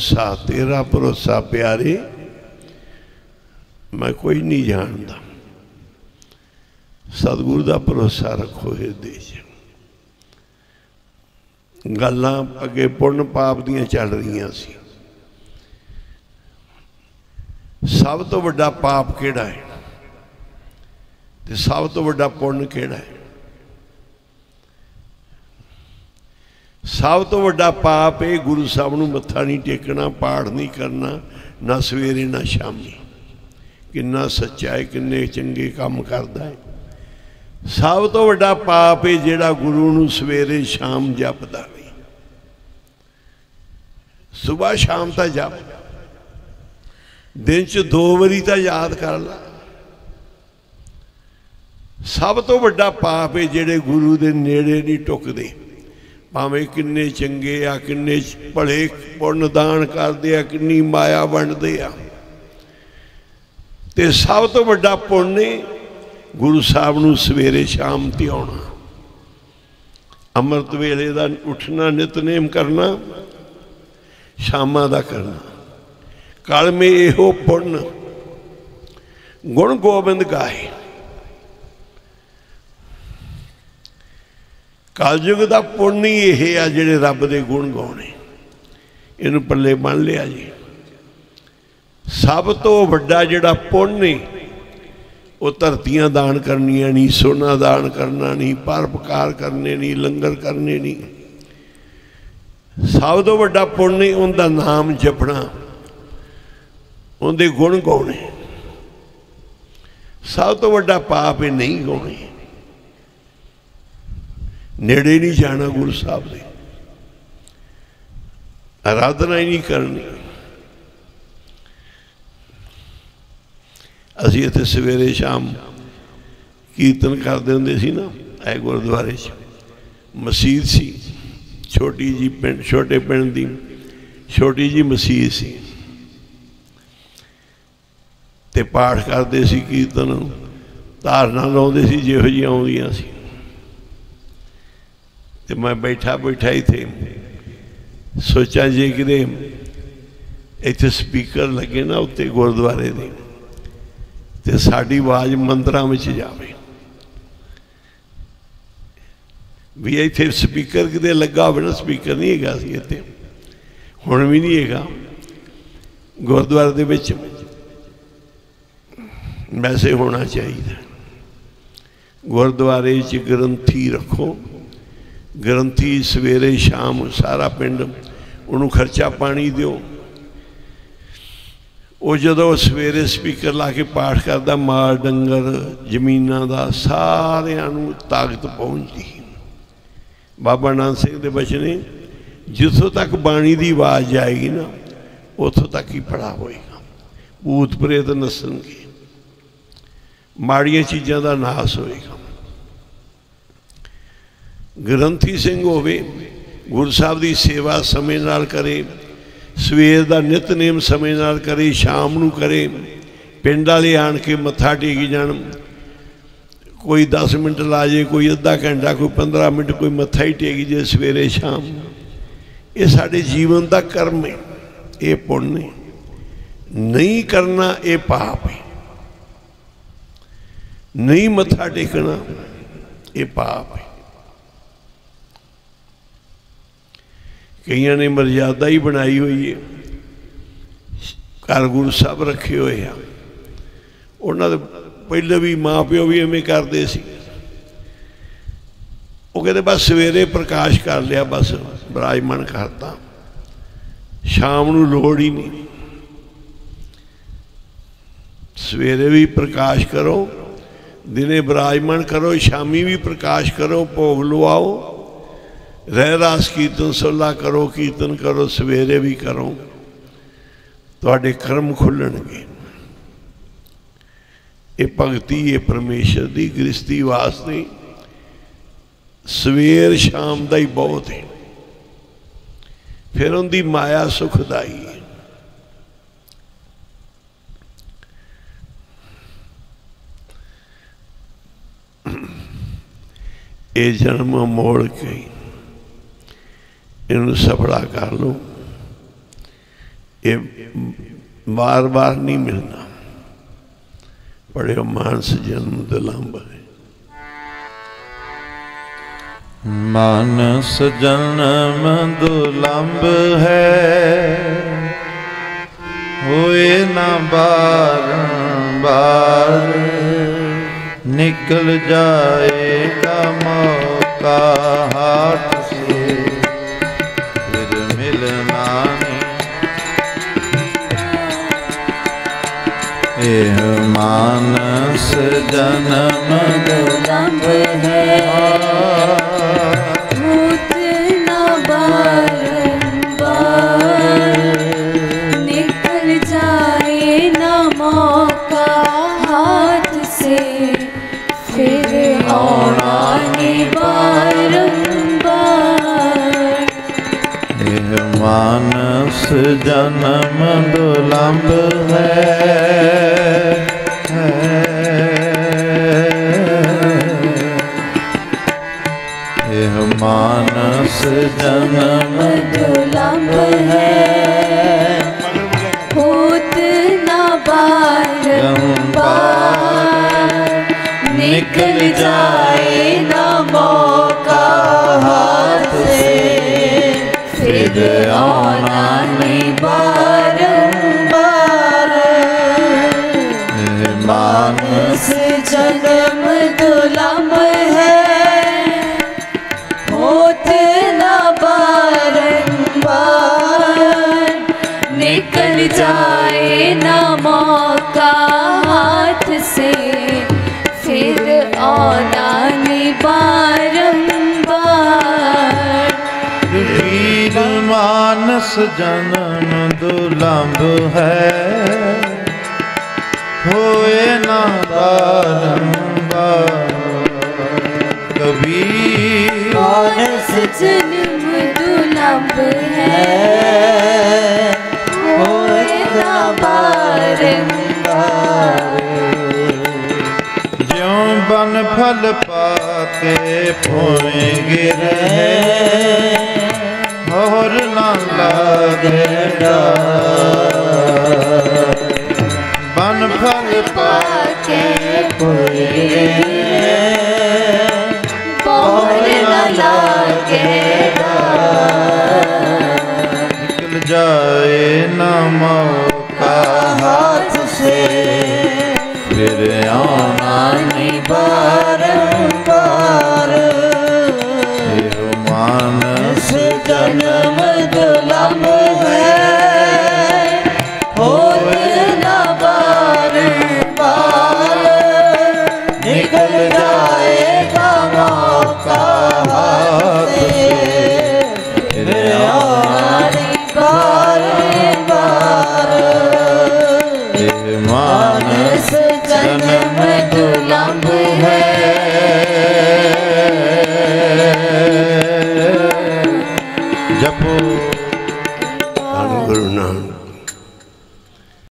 ਭਰੋਸਾ ਤੇਰਾ ਭਰੋਸਾ ਪਿਆਰੇ ਮੈਂ ਕੋਈ ਨਹੀਂ ਜਾਣਦਾ ਸਤਿਗੁਰ ਦਾ ਭਰੋਸਾ ਰੱਖੋ ਇਹ ਦੇਸ਼ ਗੱਲਾਂ ਅੱਗੇ ਪੁੰਨ ਪਾਪ ਦੀਆਂ ਚੱਲ ਰਹੀਆਂ ਸੀ ਸਭ ਤੋਂ ਵੱਡਾ ਪਾਪ ਕਿਹੜਾ ਹੈ ਤੇ ਸਭ ਤੋਂ ਵੱਡਾ ਪੁੰਨ ਕਿਹੜਾ ਹੈ ਸਭ ਤੋਂ ਵੱਡਾ ਪਾਪ ਇਹ ਗੁਰੂ ਸਾਹਿਬ ਨੂੰ ਮੱਥਾ ਨਹੀਂ ਟੇਕਣਾ ਪਾਠ ਨਹੀਂ ਕਰਨਾ ਨਾ ਸਵੇਰੇ ਨਾ ਸ਼ਾਮੀ ਕਿੰਨਾ ਸੱਚਾ ਹੈ ਕਿੰਨੇ ਚੰਗੇ ਕੰਮ ਕਰਦਾ ਹੈ ਸਭ ਤੋਂ ਵੱਡਾ ਪਾਪ ਹੈ ਜਿਹੜਾ ਗੁਰੂ ਨੂੰ ਸਵੇਰੇ ਸ਼ਾਮ ਜਪਦਾ ਨਹੀਂ ਸਵੇਰ ਸ਼ਾਮ ਤਾਂ ਜਪ ਦਿਨ 'ਚ ਦੋ ਵਾਰੀ ਤਾਂ ਯਾਦ ਕਰ ਲਾ ਸਭ ਤੋਂ ਵੱਡਾ ਪਾਪ ਹੈ ਜਿਹੜੇ ਗੁਰੂ ਦੇ ਨੇੜੇ ਨਹੀਂ ਟੁੱਕਦੇ ਭਾਵੇਂ ਕਿੰਨੇ ਚੰਗੇ ਆ ਕਿੰਨੇ ਭਲੇ ਪੁੰਨ ਦਾਨ ਕਰਦੇ ਆ ਕਿੰਨੀ ਮਾਇਆ ਵੰਡਦੇ ਆ ਤੇ ਸਭ ਤੋਂ ਵੱਡਾ ਪੁੰਨ ਹੈ ਗੁਰੂ ਸਾਹਿਬ ਨੂੰ ਸਵੇਰੇ ਸ਼ਾਮ ਤੇ ਆਉਣਾ ਅੰਮ੍ਰਿਤ ਵੇਲੇ ਦਾ ਉੱਠਣਾ ਨਿਤਨੇਮ ਕਰਨਾ ਸ਼ਾਮਾਂ ਦਾ ਕਰਨਾ ਕਲਮੇ ਇਹੋ ਪੁੰਨ ਗੁਣ ਗੋਬਿੰਦ ਗਾਏ ਕਲਯੁਗ ਦਾ ਪੁੰਨ ਹੀ ਇਹ ਆ ਜਿਹੜੇ ਰੱਬ ਦੇ ਗੁਣ ਗਾਉਣੇ ਇਹਨੂੰ ਪੱਲੇ ਬੰਨ ਲਿਆ ਜੀ ਸਭ ਤੋਂ ਵੱਡਾ ਜਿਹੜਾ ਪੁੰਨ ਨੇ ਉਹ ਧਰਤੀਆਂ ਦਾਨ ਕਰਨੀਆਂ ਨਹੀਂ ਸੋਨਾ ਦਾਨ ਕਰਨਾ ਨਹੀਂ ਪਰਪਕਾਰ ਕਰਨੇ ਨਹੀਂ ਲੰਗਰ ਕਰਨੇ ਨਹੀਂ ਸਭ ਤੋਂ ਵੱਡਾ ਪੁੰਨ ਨੇ ਉਹਦਾ ਨਾਮ ਜਪਣਾ ਉਹਦੇ ਗੁਣ ਗਾਉਣੇ ਸਭ ਤੋਂ ਵੱਡਾ ਪਾਪ ਇਹ ਨਹੀਂ ਗਾਉਣੇ ਨੇੜੇ ਨਹੀਂ ਜਾਣਾ ਗੁਰੂ ਸਾਹਿਬ ਦੇ ਆਰਾਧਨਾ ਹੀ ਨਹੀਂ ਕਰਨੀ ਅਸੀਂ ਇੱਥੇ ਸਵੇਰੇ ਸ਼ਾਮ ਕੀਰਤਨ ਕਰਦੇ ਹੁੰਦੇ ਸੀ ਨਾ ਐ ਗੁਰਦੁਆਰੇ 'ਚ ਮਸਜਿਦ ਸੀ ਛੋਟੀ ਜੀ ਪਿੰਡ ਛੋਟੇ ਪਿੰਡ ਦੀ ਛੋਟੀ ਜੀ ਮਸਜਿਦ ਸੀ ਤੇ ਪਾਠ ਕਰਦੇ ਸੀ ਕੀਰਤਨ ਧਾਰਨਾ ਲਾਉਂਦੇ ਸੀ ਜਿਹੋ ਜੀ ਆਉਂਦੀਆਂ ਸੀ ਤੇ ਮੈਂ ਬੈਠਾ ਬੈਠਾ ਹੀ ਥੇ ਜੀ ਜੇ ਕਿਤੇ ਇੱਥੇ ਸਪੀਕਰ ਲੱਗੇ ਨਾ ਉੱਤੇ ਗੁਰਦੁਆਰੇ ਦੇ ਤੇ ਸਾਡੀ ਆਵਾਜ਼ ਮੰਦਰਾਂ ਵਿੱਚ ਜਾਵੇ ਵੀ ਇੱਥੇ ਸਪੀਕਰ ਕਿਤੇ ਲੱਗਾ ਹੋਵੇ ਨਾ ਸਪੀਕਰ ਨਹੀਂ ਹੈਗਾ ਸੀ ਇੱਥੇ ਹੁਣ ਵੀ ਨਹੀਂ ਹੈਗਾ ਗੁਰਦੁਆਰੇ ਦੇ ਵਿੱਚ ਮੈਸੇ ਹੋਣਾ ਚਾਹੀਦਾ ਗੁਰਦੁਆਰੇ 'ਚ ਗ੍ਰੰਥੀ ਰੱਖੋ ਗਰੰਤੀ ਸਵੇਰੇ ਸ਼ਾਮ ਸਾਰਾ ਪਿੰਡ ਉਹਨੂੰ ਖਰਚਾ ਪਾਣੀ ਦਿਓ ਉਹ ਜਦੋਂ ਸਵੇਰੇ ਸਪੀਕਰ ਲਾ ਕੇ ਪਾਠ ਕਰਦਾ ਮਾਲ ਡੰਗਰ ਜ਼ਮੀਨਾਂ ਦਾ ਸਾਰਿਆਂ ਨੂੰ ਤਾਕਤ ਪਹੁੰਚਦੀ ਬਾਬਾ ਨਾਨਕ ਸਿੰਘ ਦੇ ਬਚਨੇ ਜਿੱਥੋਂ ਤੱਕ ਬਾਣੀ ਦੀ ਆਵਾਜ਼ ਜਾਏਗੀ ਨਾ ਉੱਥੋਂ ਤੱਕ ਹੀ ਪੜਾ ਹੋਏਗਾ ਭੂਤ ਪ੍ਰੇਤ ਨਸਣਗੇ ਮਾੜੀਆਂ ਚੀਜ਼ਾਂ ਦਾ ਨਾਸ ਹੋਏਗਾ ਗ੍ਰੰਥੀ ਸਿੰਘ ਹੋਵੇ ਗੁਰੂ ਸਾਹਿਬ ਦੀ ਸੇਵਾ ਸਮੇਂ ਨਾਲ ਕਰੇ ਸਵੇਰ ਦਾ ਨਿਤਨੇਮ ਸਮੇਂ ਨਾਲ ਕਰੇ ਸ਼ਾਮ ਨੂੰ ਕਰੇ ਪਿੰਡ ਵਾਲੇ ਆਣ ਕੇ ਮੱਥਾ ਟੇਕੀ ਜਾਣ ਕੋਈ 10 ਮਿੰਟ ਲਾ ਜੇ ਕੋਈ ਅੱਧਾ ਘੰਟਾ ਕੋਈ 15 ਮਿੰਟ ਕੋਈ ਮੱਥਾ ਹੀ ਟੇਕੀ ਜੇ ਸਵੇਰੇ ਸ਼ਾਮ ਇਹ ਸਾਡੇ ਜੀਵਨ ਦਾ ਕਰਮ ਹੈ ਇਹ ਪੁੰਨ ਹੈ ਨਹੀਂ ਕਰਨਾ ਇਹ ਪਾਪ ਹੈ ਨਹੀਂ ਮੱਥਾ ਟੇਕਣਾ ਇਹ ਪਾਪ ਹੈ ਕਈਆਂ ਨੇ ਮਰਜ਼ਾਦਾ ਹੀ ਬਣਾਈ ਹੋਈ ਹੈ ਗੁਰੂ ਸਭ ਰੱਖੇ ਹੋਏ ਆ ਉਹਨਾਂ ਦੇ ਪਹਿਲੇ ਵੀ ਮਾਪਿਓ ਵੀ ਐਵੇਂ ਕਰਦੇ ਸੀ ਉਹ ਕਹਿੰਦੇ ਬਸ ਸਵੇਰੇ ਪ੍ਰਕਾਸ਼ ਕਰ ਲਿਆ ਬਸ ਬਰਾਜਮਨ ਕਰਤਾ ਸ਼ਾਮ ਨੂੰ ਲੋੜ ਹੀ ਨਹੀਂ ਸਵੇਰੇ ਵੀ ਪ੍ਰਕਾਸ਼ ਕਰੋ ਦਿਨੇ ਬਰਾਜਮਨ ਕਰੋ ਸ਼ਾਮੀ ਵੀ ਪ੍ਰਕਾਸ਼ ਕਰੋ ਭੋਗ ਲਵਾਓ ਰਹਿ ਰਾਸ ਕੀਰਤਨ ਸੁਲਾ ਕਰੋ ਕੀਰਤਨ ਕਰੋ ਸਵੇਰੇ ਵੀ ਕਰੋ ਤੁਹਾਡੇ ਕਰਮ ਖੁੱਲਣਗੇ ਇਹ ਭਗਤੀ ਇਹ ਪਰਮੇਸ਼ਰ ਦੀ ਗ੍ਰਸਤੀ ਵਾਸਤੇ ਸਵੇਰ ਸ਼ਾਮ ਦਾ ਹੀ ਬਹੁਤ ਹੈ ਫਿਰ ਉਹਦੀ ਮਾਇਆ ਸੁਖਦਾਈ ਹੈ ਇਹ ਜਨਮ ਮੋੜ ਕੇ ਇਹਨੂੰ ਸਫਲਾ ਕਰ ਲਓ ਇਹ ਵਾਰ-ਵਾਰ ਨਹੀਂ ਮਿਲਣਾ ਬੜੇ ਮਾਨਸ ਜਨਮ ਦਲੰਬ ਮਾਨਸ ਜਨਮ ਦੁਲੰਭ ਹੈ ਹੋਏ ਨਾ ਬਾਰ ਨਿਕਲ ਜਾਏ ਕਾ ਹੱਥ ਸੇ ਦੇਹ ਮਾਨਸ ਜਨਮ ਦੁਦੰਭ ਹੈ ਮੂਤ ਨਾ ਬਾਰ ਨਿਕਲ ਜਾਏ ਸੇ ਫਿਰ ਮਾਨਸ ਜਨਮ ਦੁਲੰਭ ਹੈ ਇਹ ਮਾਨਸ ਜਨਮ ਦੁਲੰਭ ਹੈ ਹੋਤ ਨਾ ਬਾਰ ਨਿਕਲ ਜਾਏ ਨਾ जाए ना मौका हाथ से फिर औना ने मानस जनम दुर्लभ है होए ना बारंबार कभी मानस जन्म दुर्लभ है ਨਾਲ ਪਾਤੇ ਭੋਏ ਗਿਰੇ ਹੋਰ ਨਾ ਲਾਗੇ ਡਾ ਬਨ ਫਲ ਪਾਕੇ ਭੋਏ ਗਿਰੇ ਹੋਰ ਨਾ ਲਾਗੇ ਡਾ ਨਿਕਲ ਜਾਏ ਨਾ ਮੌਕਾ ਹੱਥ ਸੇ ਫਿਰ ਆਉਣਾ ਨਹੀਂ ਬਾ